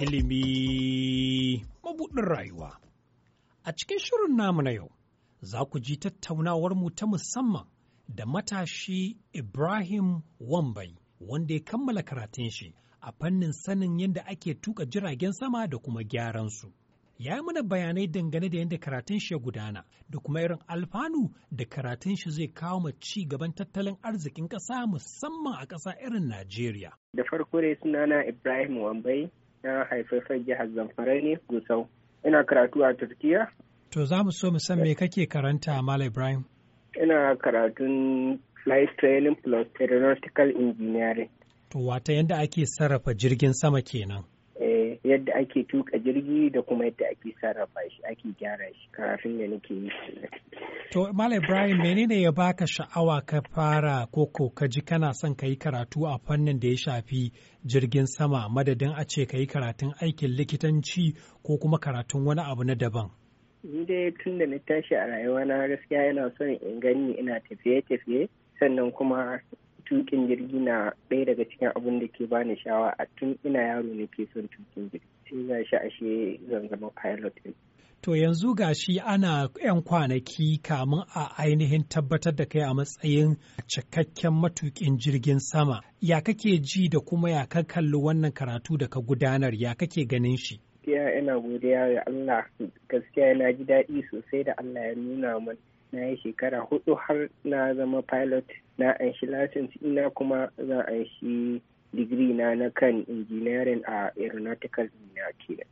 ilimi mabuɗin rayuwa. A cikin shirin namu na yau, za ku ji tattaunawarmu ta musamman da matashi Ibrahim Wambai, wanda ya kammala karatun shi a fannin sanin yadda ake tuka jiragen sama da kuma gyaran su. Ya yi mana bayanai dangane da yadda karatun shi ya gudana da kuma irin alfanu da karatun shi zai kawo ma ci gaban tattalin arzikin ƙasa musamman a ƙasa irin Najeriya. Da farko dai sunana Ibrahim Wambai, na haifafen jihar zamfara ne gusau ina karatu a turkiya to za mu so mu san me kake karanta malam ibrahim ina karatun flight training plus aeronautical engineering to wata yadda ake sarrafa jirgin sama kenan eh, yadda ake tuka jirgi da kuma yadda ake sarrafa shi ake gyara shi karatun da nake yi To, Malam Ibrahim, menene ya baka sha'awa ka fara koko ka ji kana son ka yi karatu a fannin da ya shafi jirgin sama madadin a ce ka yi karatun aikin likitanci ko kuma karatun wani abu na daban? Ni dai tun da na tashi a rayuwa na gaskiya yana son in gani ina tafiye-tafiye sannan kuma tukin jirgi na ɗaya daga cikin abin da ke bani shawa a tun ina yaro ne ke son tukin jirgi. Sai ga shi ashe zan zama pilot. To yanzu ga shi ana 'yan kwanaki kamun a ainihin tabbatar da kai a matsayin cikakken matukin jirgin sama. Ya kake ji da kuma ya ka kalli wannan karatu da ka gudanar ya kake ganin shi? Gaskiya ina godiya ga Allah gaskiya na ji daɗi sosai da Allah ya nuna min na yi shekara hudu har na zama pilot na anshi license ina kuma zan anshi digiri na na kan engineering a aeronautical na